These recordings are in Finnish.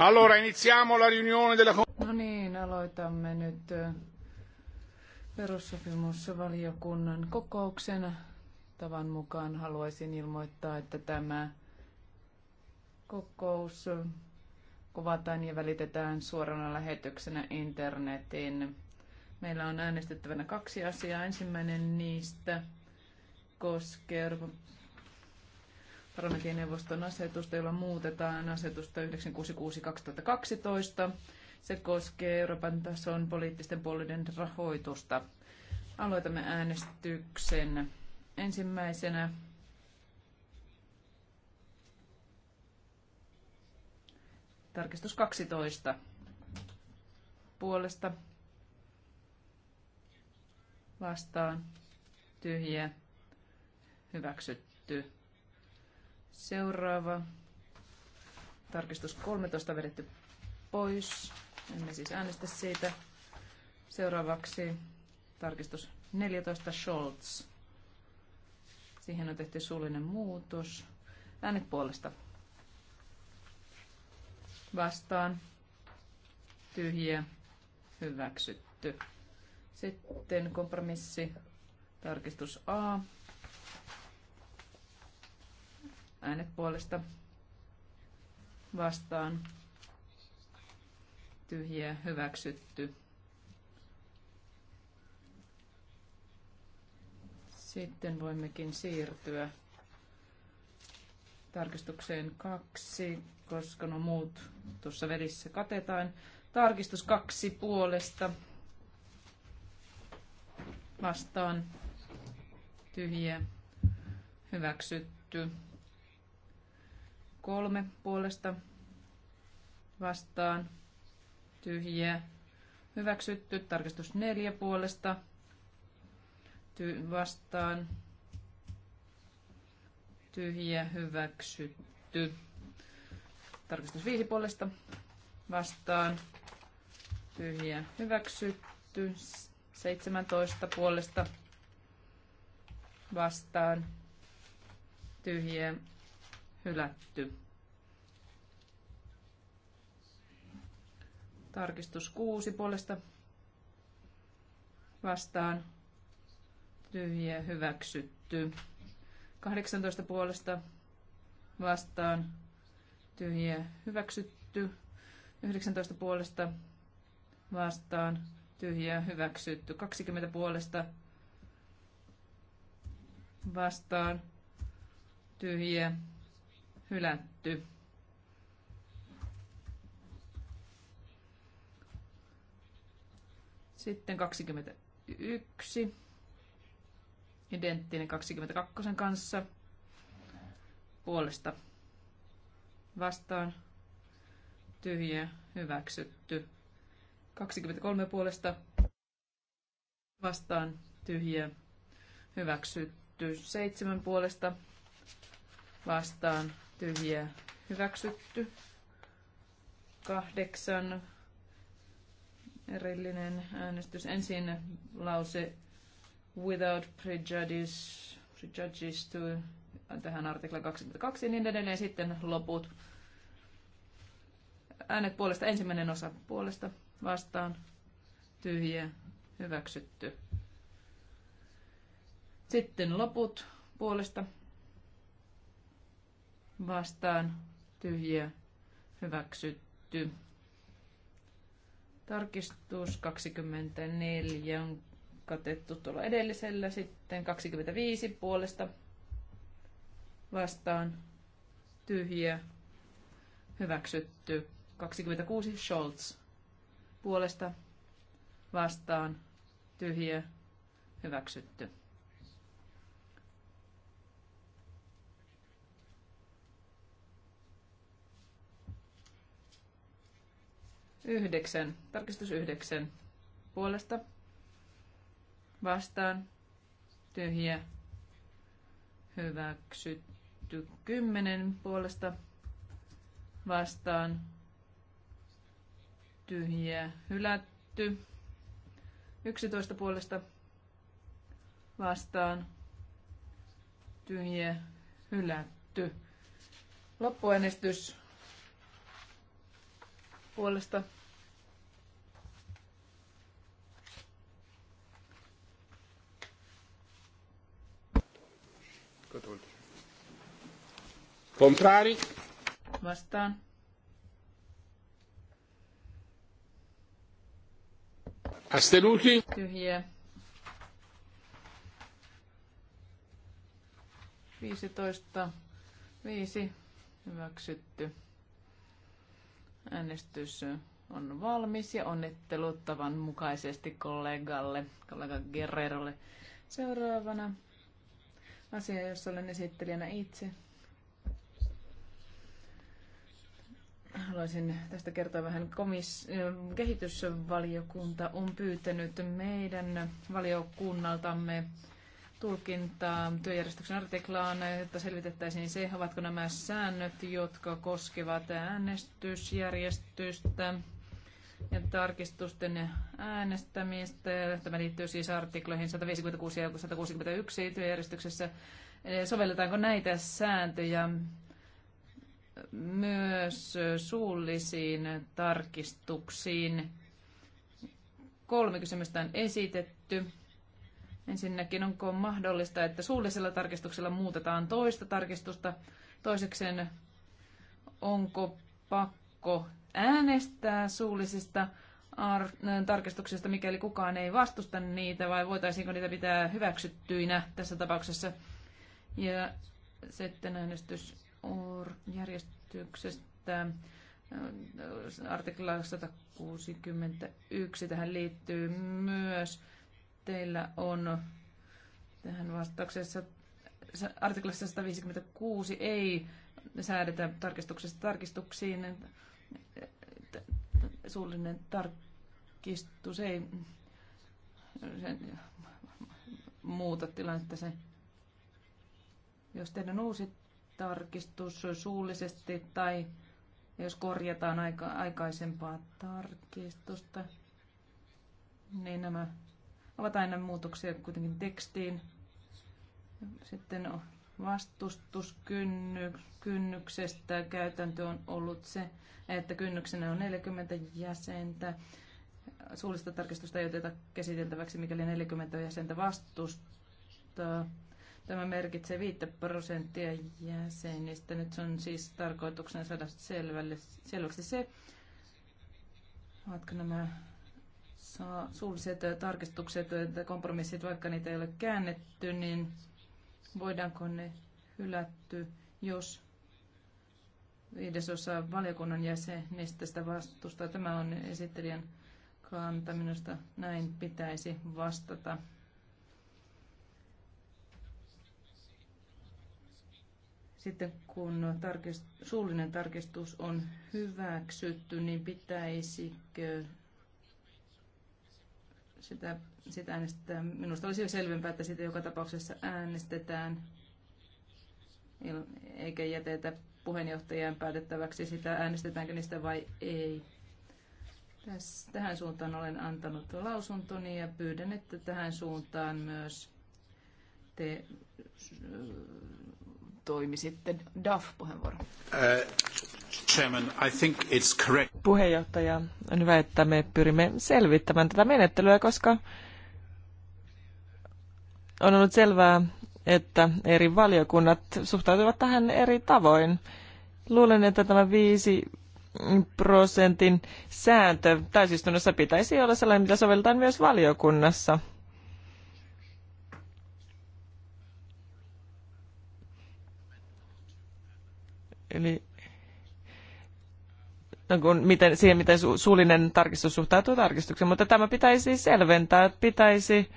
Allora iniziamo la riunione della... No niin, aloitamme nyt eh, perussopimusvaliokunnan kokouksen. Tavan mukaan haluaisin ilmoittaa, että tämä kokous kuvataan ja välitetään suorana lähetyksenä internetin. Meillä on äänestettävänä kaksi asiaa. Ensimmäinen niistä koskee parlamentin neuvoston asetusta, jolla muutetaan asetusta 966-2012. Se koskee Euroopan tason poliittisten puolueiden rahoitusta. Aloitamme äänestyksen. Ensimmäisenä tarkistus 12 puolesta vastaan tyhjä hyväksytty Seuraava. Tarkistus 13 vedetty pois. Emme siis äänestä siitä. Seuraavaksi tarkistus 14 Scholz. Siihen on tehty suullinen muutos. Äänet puolesta. Vastaan. Tyhjiä. Hyväksytty. Sitten kompromissi. Tarkistus A äänet puolesta vastaan tyhjiä hyväksytty. Sitten voimmekin siirtyä tarkistukseen kaksi, koska no muut tuossa vedissä katetaan. Tarkistus kaksi puolesta vastaan tyhjiä hyväksytty kolme puolesta vastaan tyhjiä. Hyväksytty. Tarkistus neljä puolesta ty- vastaan tyhjiä. Hyväksytty. Tarkistus viisi puolesta vastaan tyhjiä. Hyväksytty. 17 puolesta vastaan tyhjiä hylätty. Tarkistus 6 puolesta vastaan tyhjiä hyväksytty. 18 puolesta vastaan tyhjiä hyväksytty. 19 puolesta vastaan tyhjiä hyväksytty. 20 puolesta vastaan tyhjiä hylätty. Sitten 21, identtinen 22 kanssa, puolesta vastaan, tyhjä, hyväksytty. 23 puolesta vastaan, tyhjä, hyväksytty. 7 puolesta vastaan, tyhjiä hyväksytty. Kahdeksan erillinen äänestys. Ensin lause without prejudice, prejudice to, tähän artikla 22 ja niin edelleen. Sitten loput äänet puolesta, ensimmäinen osa puolesta, vastaan, tyhjiä, hyväksytty. Sitten loput puolesta, vastaan tyhjiä hyväksytty. Tarkistus 24 on katettu tuolla edellisellä. Sitten 25 puolesta vastaan tyhjiä hyväksytty. 26 Scholz puolesta vastaan tyhjiä hyväksytty. Yhdeksän. Tarkistus yhdeksän. Puolesta. Vastaan. Tyhjä. Hyväksytty. Kymmenen. Puolesta. Vastaan. Tyhjä. Hylätty. Yksitoista puolesta. Vastaan. Tyhjä. Hylätty. Loppuäänestys puolesta Contrari. Vastaan. Astenuti. Tyhjiä. 15. 5. Hyväksytty. Äänestys on valmis ja onnittelut tavan mukaisesti kollegalle, kollega Guerrerolle. Seuraavana asia, jossa olen esittelijänä itse. Haluaisin tästä kertoa vähän. Komis- kehitysvaliokunta on pyytänyt meidän valiokunnaltamme tulkintaa työjärjestyksen artiklaan, että selvitettäisiin se, ovatko nämä säännöt, jotka koskevat äänestysjärjestystä ja tarkistusten äänestämistä. Tämä liittyy siis artikloihin 156 ja 161 työjärjestyksessä. Sovelletaanko näitä sääntöjä myös suullisiin tarkistuksiin? Kolme kysymystä on esitetty. Ensinnäkin, onko mahdollista, että suullisella tarkistuksella muutetaan toista tarkistusta? Toisekseen, onko pakko äänestää suullisista äh, tarkistuksista, mikäli kukaan ei vastusta niitä, vai voitaisiinko niitä pitää hyväksyttyinä tässä tapauksessa. Ja sitten äänestys järjestyksestä äh, artikla 161 tähän liittyy myös. Teillä on tähän vastauksessa artiklassa 156 ei säädetä tarkistuksesta tarkistuksiin suullinen tarkistus ei sen muuta tilannetta. Se, jos teidän uusi tarkistus suullisesti tai jos korjataan aika, aikaisempaa tarkistusta, niin nämä ovat aina muutoksia kuitenkin tekstiin. Sitten vastustuskynnyksestä käytäntö on ollut se, että kynnyksenä on 40 jäsentä. Suullista tarkistusta ei oteta käsiteltäväksi, mikäli 40 jäsentä vastustaa. Tämä merkitsee 5 prosenttia jäsenistä. Nyt on siis tarkoituksena saada selvälle, selväksi se, ovatko nämä suulliset tarkistukset että kompromissit, vaikka niitä ei ole käännetty, niin voidaanko ne hylätty, jos viidesosa valiokunnan jäsenistä sitä vastustaa. Tämä on esittelijän kanta. Minusta näin pitäisi vastata. Sitten kun tarkist, suullinen tarkistus on hyväksytty, niin pitäisikö sitä, sitä äänestetään. Minusta olisi jo selvempää, että sitä joka tapauksessa äänestetään, eikä jätetä puheenjohtajan päätettäväksi sitä, äänestetäänkö niistä vai ei. Täs, tähän suuntaan olen antanut lausuntoni ja pyydän, että tähän suuntaan myös te äh, toimisitte. DAF-puheenvuoro. Chairman, Puheenjohtaja, on hyvä, että me pyrimme selvittämään tätä menettelyä, koska on ollut selvää, että eri valiokunnat suhtautuvat tähän eri tavoin. Luulen, että tämä viisi prosentin sääntö täysistunnossa pitäisi olla sellainen, mitä sovelletaan myös valiokunnassa. Eli no niin kun, miten, siihen, miten su, suullinen tarkistus suhtautuu tarkistukseen. Mutta tämä pitäisi selventää, pitäisi...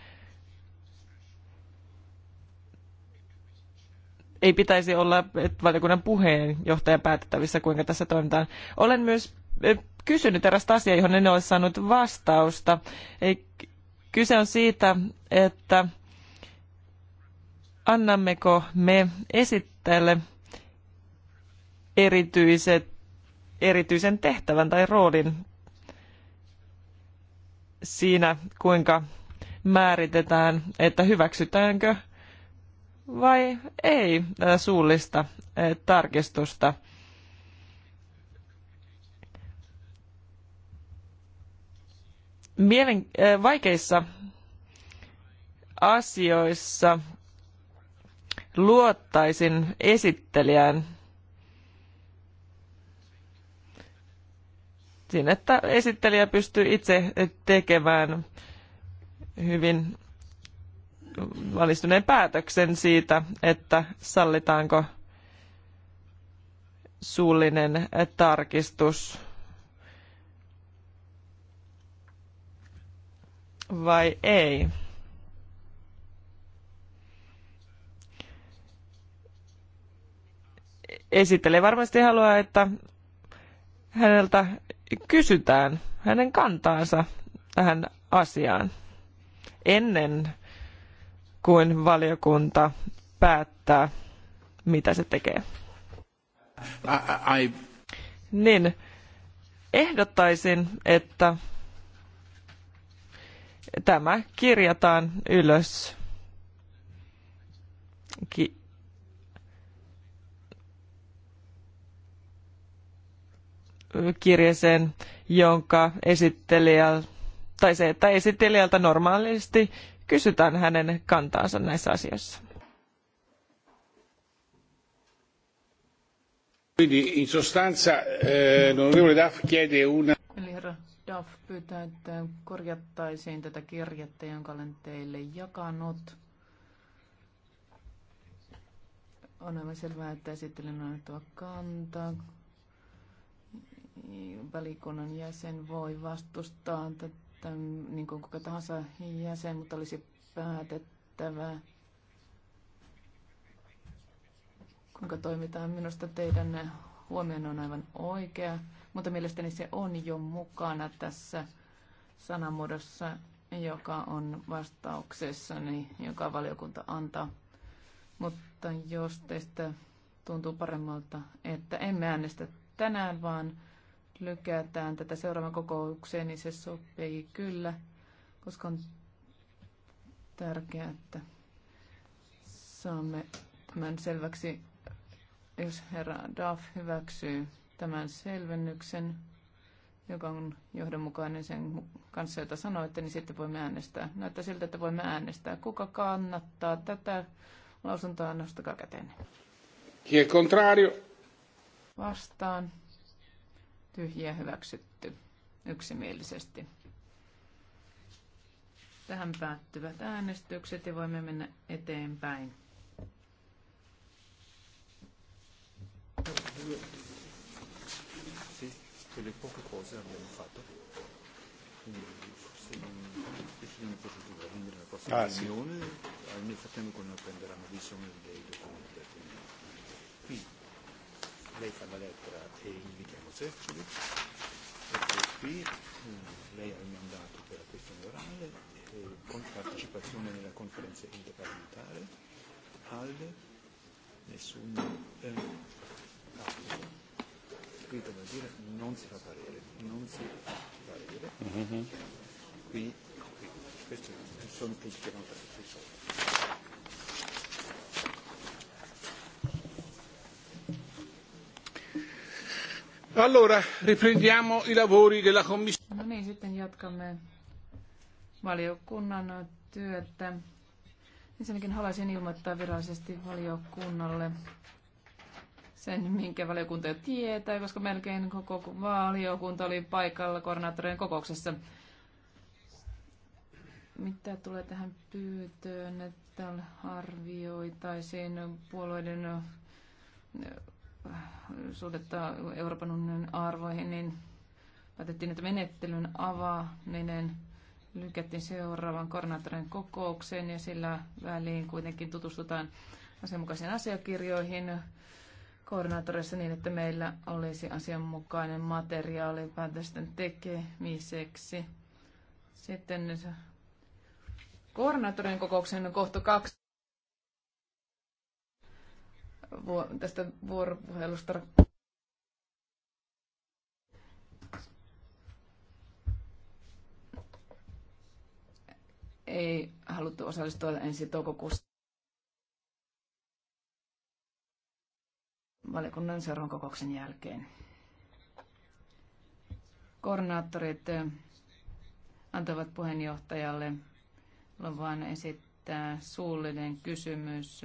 Ei pitäisi olla valiokunnan puheenjohtajan päätettävissä, kuinka tässä toimitaan. Olen myös eh, kysynyt erästä asiaa, johon en ole saanut vastausta. Ei, kyse on siitä, että annammeko me esittäjälle erityiset erityisen tehtävän tai roolin siinä, kuinka määritetään, että hyväksytäänkö vai ei suullista tarkistusta. Mielen, vaikeissa asioissa luottaisin esittelijään siinä, että esittelijä pystyy itse tekemään hyvin valistuneen päätöksen siitä, että sallitaanko suullinen tarkistus vai ei. Esittelijä varmasti haluaa, että häneltä kysytään hänen kantaansa tähän asiaan ennen kuin valiokunta päättää, mitä se tekee. I, I... Niin, ehdottaisin, että tämä kirjataan ylös ki- kirjeeseen, jonka esittelijä, tai se, että esittelijältä normaalisti kysytään hänen kantaansa näissä asioissa. Quindi in sostanza eh, l'onorevole Duff chiede una... Eli herra Duff pyytää, että korjattaisiin tätä kirjettä, jonka olen teille jakanut. On aivan selvää, että esittelen annettava kantaa välikunnan jäsen voi vastustaa tätä niin kuin kuka tahansa jäsen, mutta olisi päätettävä, kuinka toimitaan. Minusta teidän huomioon on aivan oikea, mutta mielestäni se on jo mukana tässä sanamuodossa, joka on vastauksessa, joka valiokunta antaa. Mutta jos teistä tuntuu paremmalta, että emme äänestä tänään, vaan lykätään tätä seuraavan kokoukseen, niin se sopii kyllä, koska on tärkeää, että saamme tämän selväksi, jos herra Duff hyväksyy tämän selvennyksen, joka on johdonmukainen sen kanssa, jota sanoitte, niin sitten voimme äänestää. Näyttää siltä, että voimme äänestää. Kuka kannattaa tätä lausuntoa? Nostakaa käteen. Chi è contrario? Vastaan tyhjiä hyväksytty yksimielisesti. Tähän päättyvät äänestykset ja voimme mennä eteenpäin. Grazie. sì. Ah, ah, nel frattempo prenderanno visione dei documenti lei fa la lettera e invitiamo Sefcovic. Ecco qui, lei ha il mandato per la questione orale, e con partecipazione nella conferenza interparlamentare, al nessun... Eh, ah, qui devo dire non si fa parere, non si fa parere. Mm-hmm. Qui, qui, queste sono tutti che non sono. Allora, riprendiamo i lavori della commissione. No niin, sitten jatkamme valiokunnan työtä. Ensinnäkin haluaisin ilmoittaa virallisesti valiokunnalle sen, minkä valiokunta jo tietää, koska melkein koko valiokunta oli paikalla koordinaattorien kokouksessa. Mitä tulee tähän pyytöön, että arvioitaisiin puolueiden suhdetta Euroopan unionin arvoihin, niin päätettiin, että menettelyn avaaminen lykättiin seuraavan koordinaattorin kokoukseen ja sillä väliin kuitenkin tutustutaan asianmukaisiin asiakirjoihin koordinaattoreissa niin, että meillä olisi asianmukainen materiaali päätösten tekemiseksi. Sitten koordinaattorin kokouksen kohta kaksi tästä vuoropuhelusta. Ei haluttu osallistua ensi toukokuussa. valiokunnan seuraavan kokouksen jälkeen. Koordinaattorit eh, antavat puheenjohtajalle luvan esittää suullinen kysymys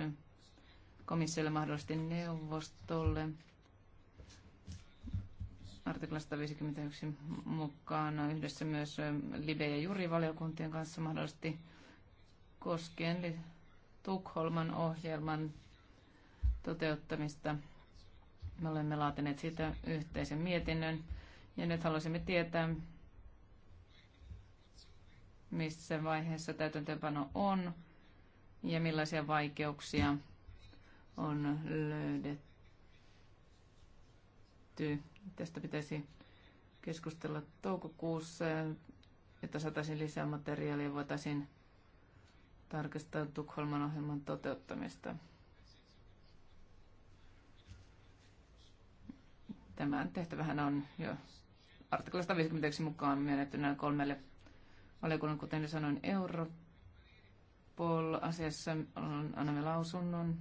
komissiolle mahdollisesti neuvostolle artiklasta 151 mukaan yhdessä myös Libe- ja Juri-valiokuntien kanssa mahdollisesti koskien Tukholman ohjelman toteuttamista. Me olemme laatineet siitä yhteisen mietinnön ja nyt haluaisimme tietää, missä vaiheessa täytäntöönpano on ja millaisia vaikeuksia on löydetty. Tästä pitäisi keskustella toukokuussa, että saataisiin lisää materiaalia voitaisiin tarkistaa Tukholman ohjelman toteuttamista. Tämä tehtävähän on jo artikla 151 mukaan myönnettynä kolmelle valiokunnan, kuten jo sanoin, Europol-asiassa annamme lausunnon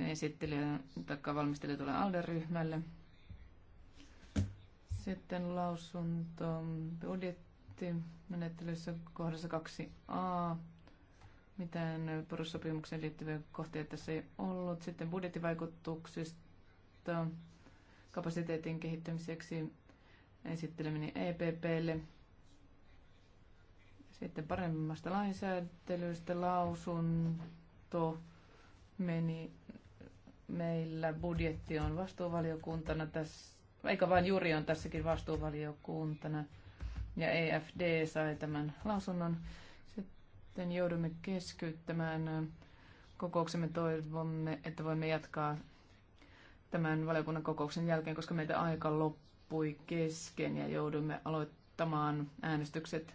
esittelijä tai valmistelija tulee ALDE-ryhmälle. Sitten lausunto budjetti menettelyssä kohdassa 2a. Mitään perussopimukseen liittyviä kohtia tässä ei ollut. Sitten budjettivaikutuksista kapasiteetin kehittämiseksi esitteleminen EPPlle. Sitten paremmasta lainsäätelystä lausunto meni Meillä budjetti on vastuuvaliokuntana tässä, eikä vain juuri on tässäkin vastuuvaliokuntana. Ja EFD sai tämän lausunnon. Sitten joudumme keskeyttämään kokouksemme. Toivomme, että voimme jatkaa tämän valiokunnan kokouksen jälkeen, koska meitä aika loppui kesken ja joudumme aloittamaan äänestykset.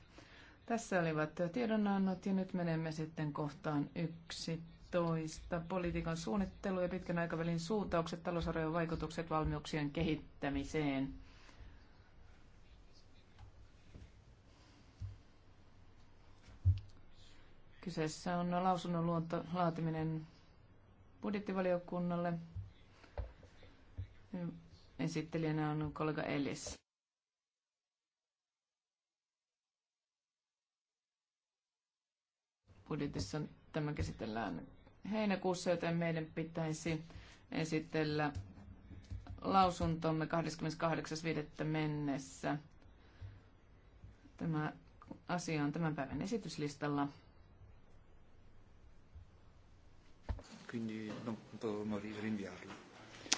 Tässä olivat tiedonannot ja nyt menemme sitten kohtaan yksi. 2015. Politiikan suunnittelu ja pitkän aikavälin suuntaukset, talousarvion vaikutukset valmiuksien kehittämiseen. Kyseessä on lausunnon luonto, laatiminen budjettivaliokunnalle. Esittelijänä on kollega Ellis. budjetissa tämä käsitellään heinäkuussa, joten meidän pitäisi esitellä lausuntomme 28.5. mennessä. Tämä asia on tämän päivän esityslistalla.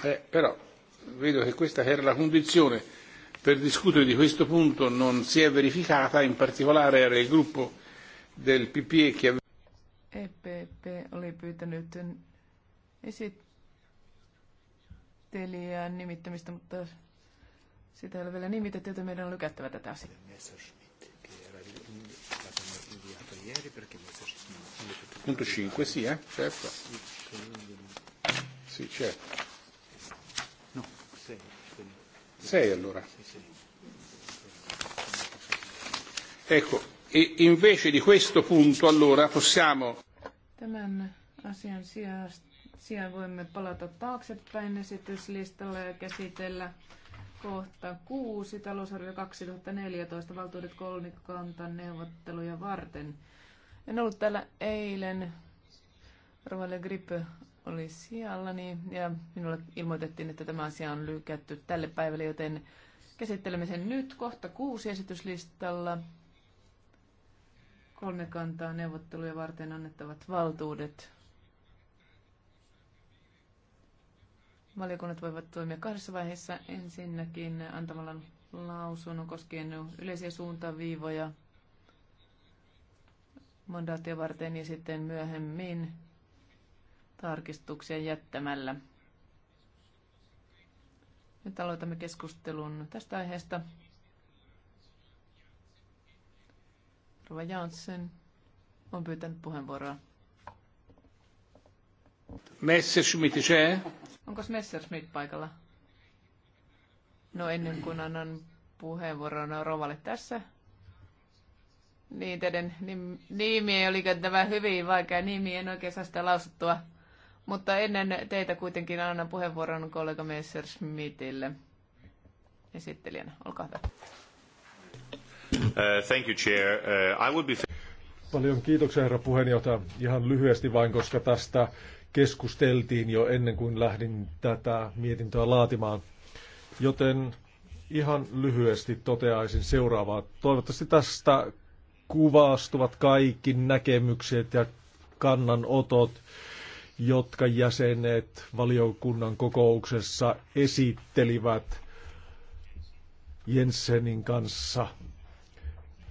Eh, però vedo che questa era la condizione per discutere di questo punto non si è verificata, in particolare era il gruppo del PPE che aveva pyytänyt esittelijän nimittämistä, mutta sitä ei ole vielä nimitetty, joten meidän on lykättävä tätä asiaa. Punto 5, sì, eh? Certo. Sì, certo. No, 6. 6 allora. Ecco, e invece di questo punto allora possiamo asian sijaan voimme palata taaksepäin esityslistalle ja käsitellä kohta kuusi talousarvio 2014 valtuudet kolmikantan neuvotteluja varten. En ollut täällä eilen. Rovalle Grippe oli niin ja minulle ilmoitettiin, että tämä asia on lykätty tälle päivälle, joten käsittelemme sen nyt kohta kuusi esityslistalla. Kolmekantaa neuvotteluja varten annettavat valtuudet. Valiokunnat voivat toimia kahdessa vaiheessa. Ensinnäkin antamalla lausunnon koskien yleisiä suuntaviivoja mandaattia varten ja sitten myöhemmin tarkistuksia jättämällä. Nyt aloitamme keskustelun tästä aiheesta. Rova Janssen on pyytänyt puheenvuoroa. Messerschmitt, Onko Messerschmidt paikalla? No ennen kuin annan puheenvuoron Rovalle tässä. Niin, teidän nim- nimi oli tämä hyvin vaikea nimi, en oikein saa sitä lausuttua. Mutta ennen teitä kuitenkin annan puheenvuoron kollega Messersmithille esittelijänä. Olkaa hyvä. Uh, thank you, Chair. Uh, I would be... Paljon kiitoksia, herra puheenjohtaja. Ihan lyhyesti vain, koska tästä keskusteltiin jo ennen kuin lähdin tätä mietintöä laatimaan. Joten ihan lyhyesti toteaisin seuraavaa. Toivottavasti tästä kuvastuvat kaikki näkemykset ja kannanotot, jotka jäsenet valiokunnan kokouksessa esittelivät Jensenin kanssa –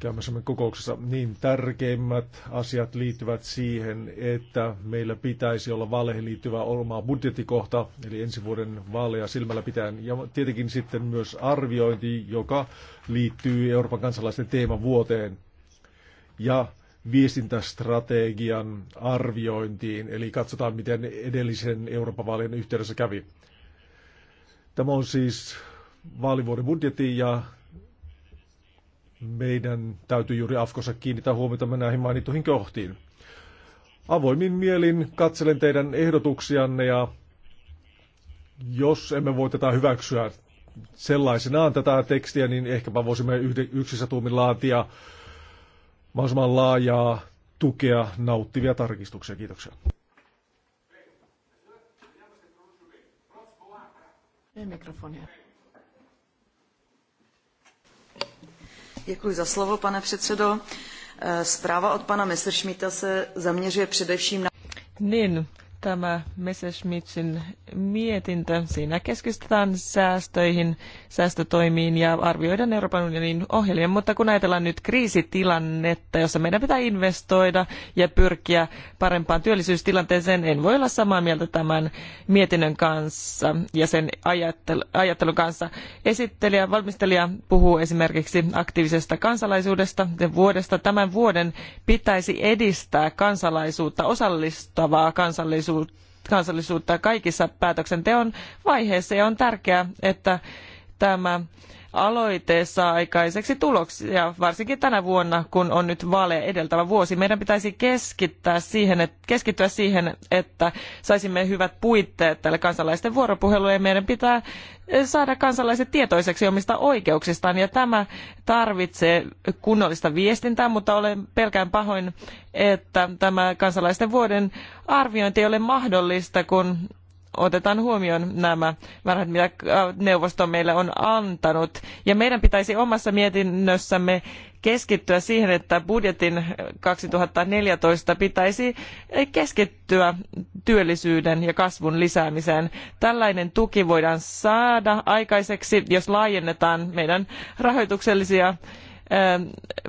käymässämme kokouksessa, niin tärkeimmät asiat liittyvät siihen, että meillä pitäisi olla vaaleihin liittyvä oma budjettikohta, eli ensi vuoden vaaleja silmällä pitäen, ja tietenkin sitten myös arviointi, joka liittyy Euroopan kansalaisten teemavuoteen, ja viestintästrategian arviointiin, eli katsotaan, miten edellisen Euroopan vaalien yhteydessä kävi. Tämä on siis vaalivuoden budjetti ja meidän täytyy juuri Afkossa kiinnittää huomiota näihin mainittuihin kohtiin. Avoimin mielin katselen teidän ehdotuksianne ja jos emme voi tätä hyväksyä sellaisenaan tätä tekstiä, niin ehkäpä voisimme yksissä tuumin laatia mahdollisimman laajaa tukea nauttivia tarkistuksia. Kiitoksia. Mikrofonia. Děkuji za slovo, pane předsedo. Eh, zpráva od pana Messerschmitta se zaměřuje především na... Niin, tämä Messerschmittin mietintö. Siinä keskistytään säästöihin, säästötoimiin ja arvioidaan Euroopan unionin ohjelmia. Mutta kun ajatellaan nyt kriisitilannetta, jossa meidän pitää investoida ja pyrkiä parempaan työllisyystilanteeseen, en voi olla samaa mieltä tämän mietinnön kanssa ja sen ajattelun kanssa. Esittelijä, valmistelija puhuu esimerkiksi aktiivisesta kansalaisuudesta ja vuodesta. Tämän vuoden pitäisi edistää kansalaisuutta, osallistavaa kansallisuutta kansallisuutta kaikissa päätöksenteon vaiheissa ja on tärkeää, että tämä aloite saa aikaiseksi tuloksia, varsinkin tänä vuonna, kun on nyt vaale edeltävä vuosi. Meidän pitäisi keskittää siihen, että, keskittyä siihen, että saisimme hyvät puitteet tälle kansalaisten vuoropuhelulle ja meidän pitää saada kansalaiset tietoiseksi omista oikeuksistaan ja tämä tarvitsee kunnollista viestintää, mutta olen pelkään pahoin, että tämä kansalaisten vuoden arviointi ei ole mahdollista, kun otetaan huomioon nämä määrät, mitä neuvosto meille on antanut. Ja meidän pitäisi omassa mietinnössämme keskittyä siihen, että budjetin 2014 pitäisi keskittyä työllisyyden ja kasvun lisäämiseen. Tällainen tuki voidaan saada aikaiseksi, jos laajennetaan meidän rahoituksellisia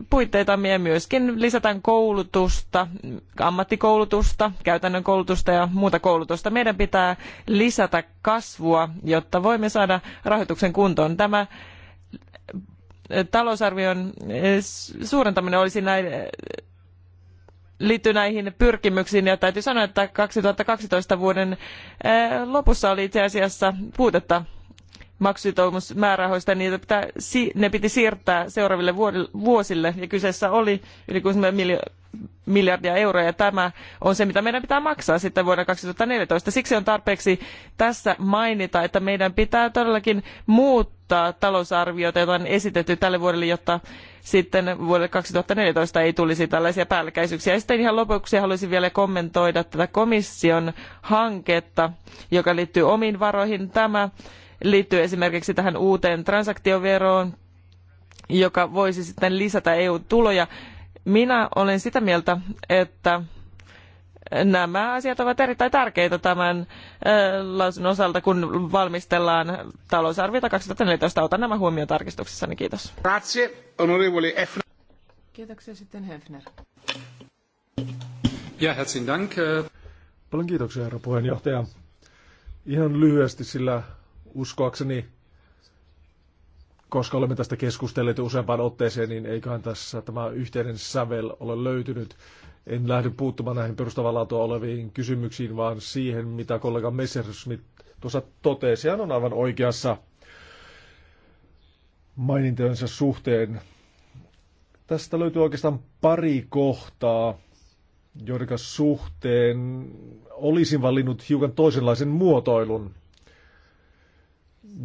puitteitamme ja myöskin lisätään koulutusta, ammattikoulutusta, käytännön koulutusta ja muuta koulutusta. Meidän pitää lisätä kasvua, jotta voimme saada rahoituksen kuntoon. Tämä talousarvion eh, suurentaminen olisi näin, eh, liittyy näihin pyrkimyksiin ja täytyy sanoa, että 2012 vuoden eh, lopussa oli itse asiassa puutetta maksusitoumusmäärärahoista, niin ne piti siirtää seuraaville vuosille ja kyseessä oli yli 60 miljardia euroa ja tämä on se mitä meidän pitää maksaa sitten vuonna. kaksituhatta neljätoista siksi on tarpeeksi tässä mainita että meidän pitää todellakin muuttaa talousarviota jota on esitetty tälle vuodelle jotta sitten vuodelle kaksituhatta neljätoista ei tulisi tällaisia päällekkäisyyksiä. Ja sitten ihan lopuksi haluaisin vielä kommentoida tätä komission hanketta joka liittyy omiin varoihin. tämä liittyy esimerkiksi tähän uuteen transaktioveroon joka voisi sitten lisätä eu tuloja minä olen sitä mieltä, että nämä asiat ovat erittäin tärkeitä tämän lausunnon osalta, kun valmistellaan talousarviota 2014. Otan nämä huomioon tarkistuksessani. Kiitos. Grazie, onorevoli Hefner. Kiitoksia sitten Hefner. Ja, herzlichen Dank. Äh. Paljon kiitoksia, herra puheenjohtaja. Ihan lyhyesti, sillä uskoakseni koska olemme tästä keskustelleet useampaan otteeseen, niin eiköhän tässä tämä yhteinen sävel ole löytynyt. En lähde puuttumaan näihin perustavanlaatua oleviin kysymyksiin, vaan siihen, mitä kollega Messerschmidt tuossa totesi. Hän on aivan oikeassa mainintojensa suhteen. Tästä löytyy oikeastaan pari kohtaa, joiden suhteen olisin valinnut hiukan toisenlaisen muotoilun –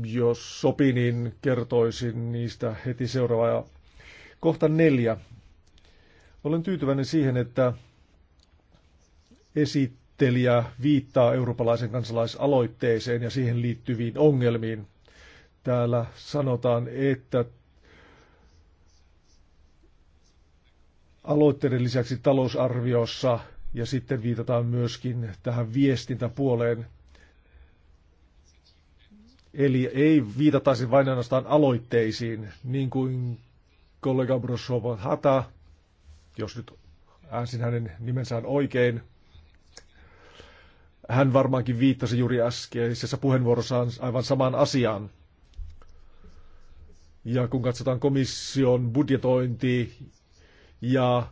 jos sopii, niin kertoisin niistä heti seuraavaa. Kohta neljä. Olen tyytyväinen siihen, että esittelijä viittaa eurooppalaisen kansalaisaloitteeseen ja siihen liittyviin ongelmiin. Täällä sanotaan, että aloitteiden lisäksi talousarviossa ja sitten viitataan myöskin tähän viestintäpuoleen – Eli ei viitataisi vain ainoastaan aloitteisiin, niin kuin kollega Brosova Hata, jos nyt äänsin hänen nimensään oikein, hän varmaankin viittasi juuri äskeisessä puheenvuorossaan aivan samaan asiaan. Ja kun katsotaan komission budjetointi ja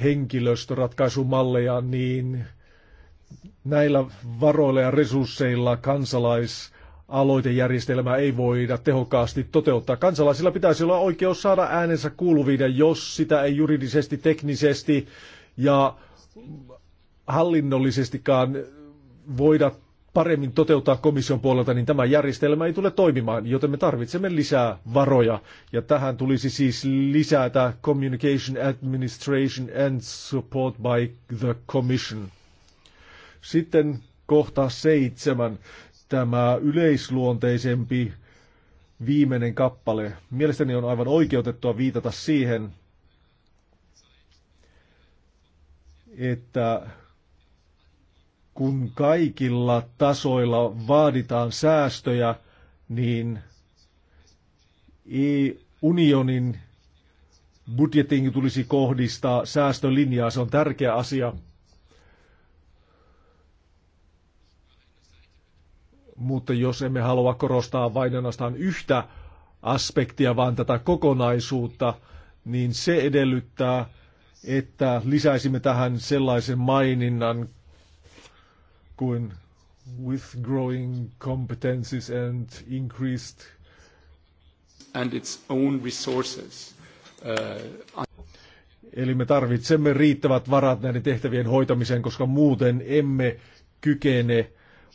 henkilöstöratkaisumalleja, niin näillä varoilla ja resursseilla kansalais- aloitejärjestelmää ei voida tehokkaasti toteuttaa. Kansalaisilla pitäisi olla oikeus saada äänensä kuuluvia, jos sitä ei juridisesti, teknisesti ja hallinnollisestikaan voida paremmin toteuttaa komission puolelta, niin tämä järjestelmä ei tule toimimaan, joten me tarvitsemme lisää varoja. Ja tähän tulisi siis lisätä Communication Administration and Support by the Commission. Sitten kohta seitsemän tämä yleisluonteisempi viimeinen kappale. Mielestäni on aivan oikeutettua viitata siihen, että kun kaikilla tasoilla vaaditaan säästöjä, niin e- unionin budjettiin tulisi kohdistaa säästölinjaa. Se on tärkeä asia Mutta jos emme halua korostaa vain ainoastaan yhtä aspektia, vaan tätä kokonaisuutta, niin se edellyttää, että lisäisimme tähän sellaisen maininnan kuin with growing competencies and increased and its own resources. Uh, Eli me tarvitsemme riittävät varat näiden tehtävien hoitamiseen, koska muuten emme kykene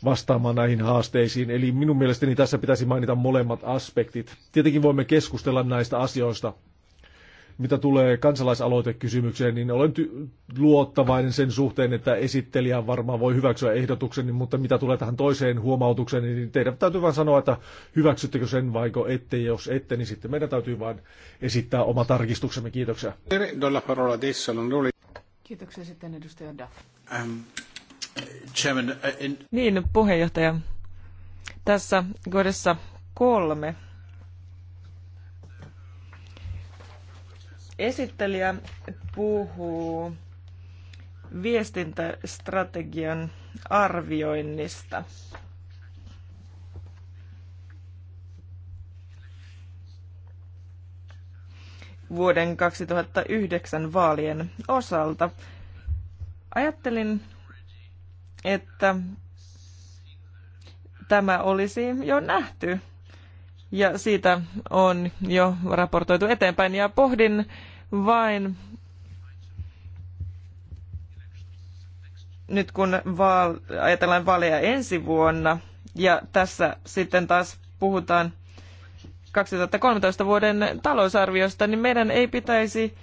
vastaamaan näihin haasteisiin. Eli minun mielestäni tässä pitäisi mainita molemmat aspektit. Tietenkin voimme keskustella näistä asioista. Mitä tulee kansalaisaloitekysymykseen, niin olen luottavainen sen suhteen, että esittelijä varmaan voi hyväksyä ehdotukseni, mutta mitä tulee tähän toiseen huomautukseen, niin teidän täytyy vain sanoa, että hyväksyttekö sen vai ette, jos ette, niin sitten meidän täytyy vain esittää oma tarkistuksemme. Kiitoksia. Kiitoksia sitten edustaja Duff. Ähm. Chairman, uh, in... Niin, puheenjohtaja. Tässä kohdassa kolme esittelijä puhuu viestintästrategian arvioinnista. vuoden 2009 vaalien osalta. Ajattelin että tämä olisi jo nähty. Ja siitä on jo raportoitu eteenpäin ja pohdin vain nyt kun vaal- ajatellaan vaaleja ensi vuonna ja tässä sitten taas puhutaan 2013 vuoden talousarviosta, niin meidän ei pitäisi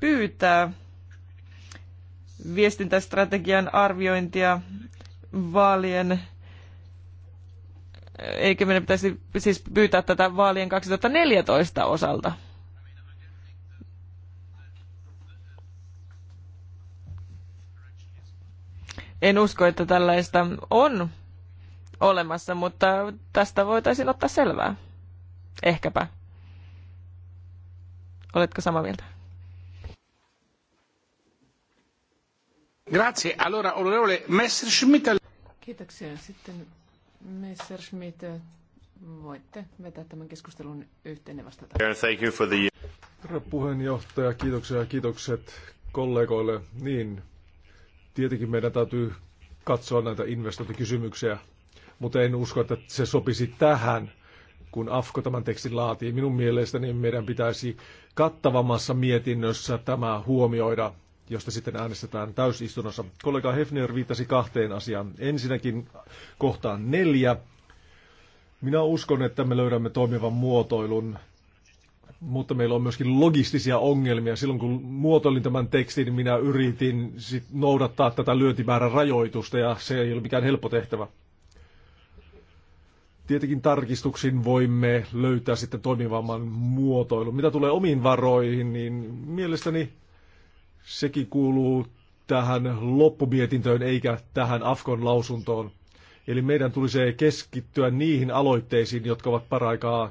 pyytää viestintästrategian arviointia vaalien eikö meidän pitäisi siis pyytää tätä vaalien 2014 osalta? En usko, että tällaista on olemassa, mutta tästä voitaisiin ottaa selvää. Ehkäpä. Oletko samaa mieltä? Grazie. Allora, onorevole Messerschmitt. Kiitoksia. Sitten Messerschmitt, voitte vetää tämän keskustelun yhteen ja vastata. Thank you for the... Herra puheenjohtaja, kiitoksia ja kiitokset kollegoille. Niin, tietenkin meidän täytyy katsoa näitä investointikysymyksiä, mutta en usko, että se sopisi tähän, kun AFKO tämän tekstin laatii. Minun mielestäni meidän pitäisi kattavammassa mietinnössä tämä huomioida josta sitten äänestetään täysistunnossa. Kollega Hefner viittasi kahteen asiaan. Ensinnäkin kohtaan neljä. Minä uskon, että me löydämme toimivan muotoilun, mutta meillä on myöskin logistisia ongelmia. Silloin kun muotoilin tämän tekstin, minä yritin sit noudattaa tätä lyöntimäärän rajoitusta ja se ei ole mikään helppo tehtävä. Tietenkin tarkistuksin voimme löytää sitten toimivamman muotoilun. Mitä tulee omiin varoihin, niin mielestäni Sekin kuuluu tähän loppumietintöön eikä tähän Afkon lausuntoon. Eli meidän tulisi keskittyä niihin aloitteisiin, jotka ovat paraikaa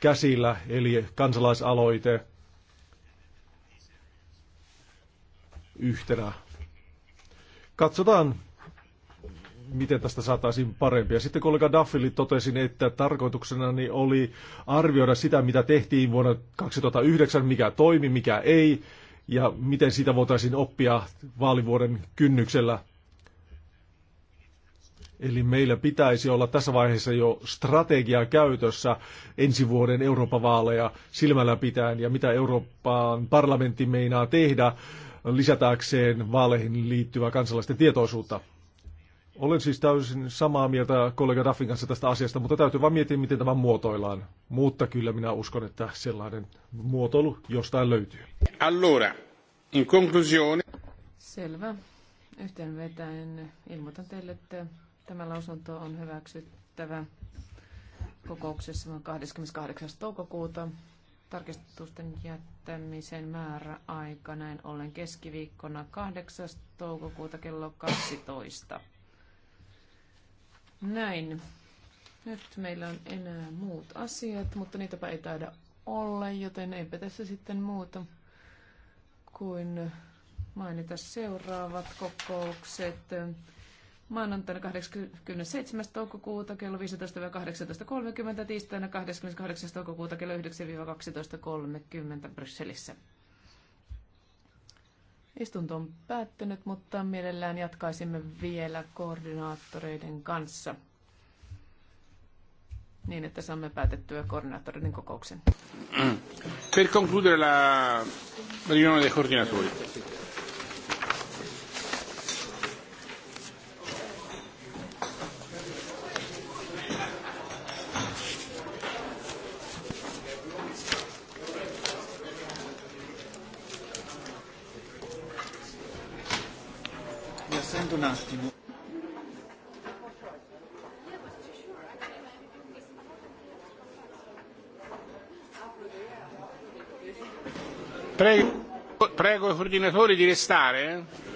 käsillä, eli kansalaisaloite yhtenä. Katsotaan, miten tästä saataisiin parempia. Sitten kollega Daffili totesin, että tarkoituksena oli arvioida sitä, mitä tehtiin vuonna 2009, mikä toimi, mikä ei ja miten siitä voitaisiin oppia vaalivuoden kynnyksellä. Eli meillä pitäisi olla tässä vaiheessa jo strategia käytössä ensi vuoden Euroopan vaaleja silmällä pitäen ja mitä Euroopan parlamentti meinaa tehdä lisätäkseen vaaleihin liittyvää kansalaisten tietoisuutta. Olen siis täysin samaa mieltä kollega Daffin kanssa tästä asiasta, mutta täytyy vain miettiä, miten tämä muotoillaan. Mutta kyllä minä uskon, että sellainen muotoilu jostain löytyy. Allora, in conclusione... Selvä. Yhteenvetäen ilmoitan teille, että tämä lausunto on hyväksyttävä kokouksessa 28. toukokuuta. Tarkistusten jättämisen määräaika näin ollen keskiviikkona 8. toukokuuta kello 12. Näin. Nyt meillä on enää muut asiat, mutta niitäpä ei taida olla, joten eipä tässä sitten muuta kuin mainita seuraavat kokoukset. Maanantaina 27. toukokuuta kello 15-18.30, tiistaina 28. toukokuuta kello 9-12.30 Brysselissä. Istunto on päättynyt, mutta mielellään jatkaisimme vielä koordinaattoreiden kanssa niin, että saamme päätettyä koordinaattoreiden kokouksen. Per concludere la riunione dei coordinatori. coordinatori di restare?